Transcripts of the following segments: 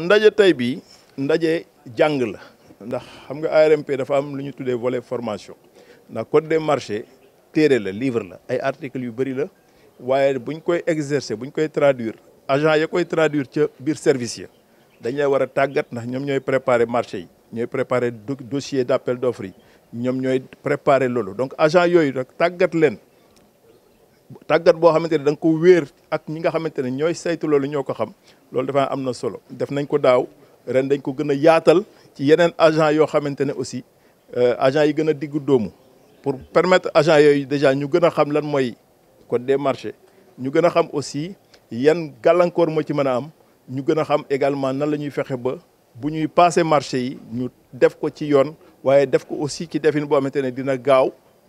ndaje tay bi ndaje la ndax xam nga dafa am formation ndax code des marchés téré la livre la ay articles yu bari la buñ koy exercer buñ koy traduire agent traduire ci bir service ya dañ lay ndax marché yi préparer dossier d'appel d'offres, préparer donc agent tàggat boo xamante ne da nga ko wéer ak ñi nga xamante ne ñooy saytu loolu ñoo ko xam loolu dafa am na solo def nañ ko daaw ren dañ ko gën a yaatal ci yeneen agent yoo xamante ne aussi euh, agent yi gën a diggu doomu pour permettre agent yooyu déjà ñu gën a xam lan mooy code des marchés ñu gën a xam aussi yan gàllankoor moo ci mën a am ñu gën a xam également nan la ñuy fexe ba bu ñuy passé marché yi ñu def ko ci yoon waaye def ko aussi ci defin boo xamante ne dina gaaw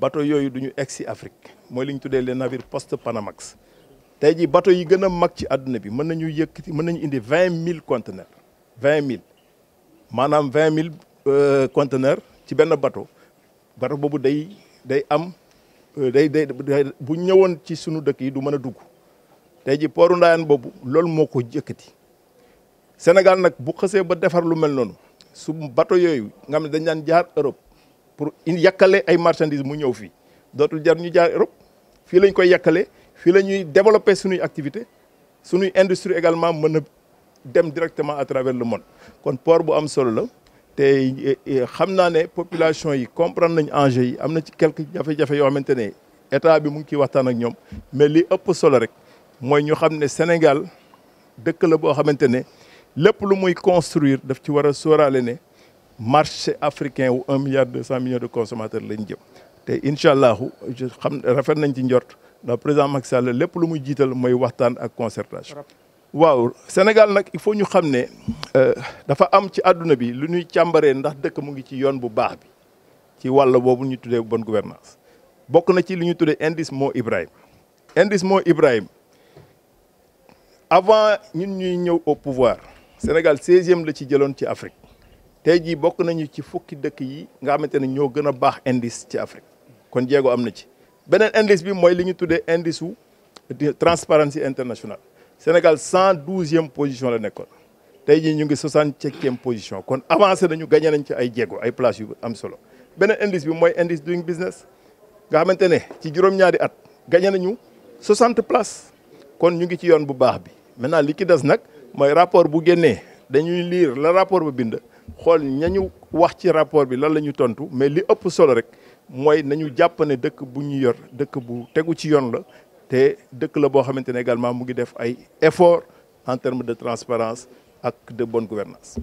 bato yooyu du ñu egg si Afrique mooy li ñu tuddee les navires post Panamax tey jii bato yi gën a mag ci àdduna bi mën nañu yëkk ti mën nañu indi vingt mille conteneurs vingt mille maanaam vingt mille euh, conteneurs ci benn bateau bato boobu day day am euh, day day bu ñëwoon ci sunu dëkk yi du mën a dugg tey jii pooru Ndayane boobu loolu moo ko yëkkati Sénégal nag bu xësee ba defar lu mel noonu su bato yooyu nga xam ne dañ daan jaar Europe. pour yàkkale ay marchandises mu ñëw fi dotul jar ñu jaar Europe fii lañ koy yàkkale fi lañuy développer suñuy activité suñuy industrie également mëna dem directement à travers le monde kon port bu am solo la té eh, eh, xamna né population yi comprendre nañ enjeu yi amna ci quelques jafé jafé yo xamante état bi mu ngi ciy waxtaan ak ñom mais li ëpp solo rek moy ñu xamné Sénégal dëkk la bo xamante lepp lu muy construire daf ci wara a né marché africain wu 1 milliard 200 millions de consommateurs lañ jëm te incha allahu xam rafet nañ ci njort ndax président Macky Sall lépp lu muy jiital mooy waxtaan ak concertation. waaw Sénégal nak, il faut ñu xam euh, dafa am ci aduna bi lu ñuy càmbaree ndax dëkk mu ngi ci yoon bu baax bi ci wàll bobu ñu tuddee bonne gouvernance bokk na ci li ñu tuddee indice Mo Ibrahim indice Mo Ibrahim avant ñun ñuy ñëw au pouvoir Sénégal 16e la ci jëloon ci Afrique. tey jii bokk nañu ci fukki dëkk yi nga xamante ne ñoo gën a baax indice ci Afrique kon jéego am na ci beneen indice bi mooy li ñu tuddee indice wu Transparency International Sénégal cent douzième position la nekkoon tey jii ñu ngi soixante septième position kon avancé nañu gagné nañ ci ay jéego ay place yu am solo beneen indice bi mooy indice doing business nga xamante ne ci juróom-ñaari at gagné nañu soixante place kon ñu ngi ci yoon bu baax bi maintenant li ki des nag mooy rapport bu génnee dañuy lire la rapport ba bind. xool ñañu wax ci rapport bi lan la ñu tontu mais li ëpp solo rek mooy nañu jàpp ne dëkk bu ñu yor dëkk bu tegu ci yoon la te dëkk la boo xamante ne également mu ngi def ay effort en termes de transparence ak de bonne gouvernance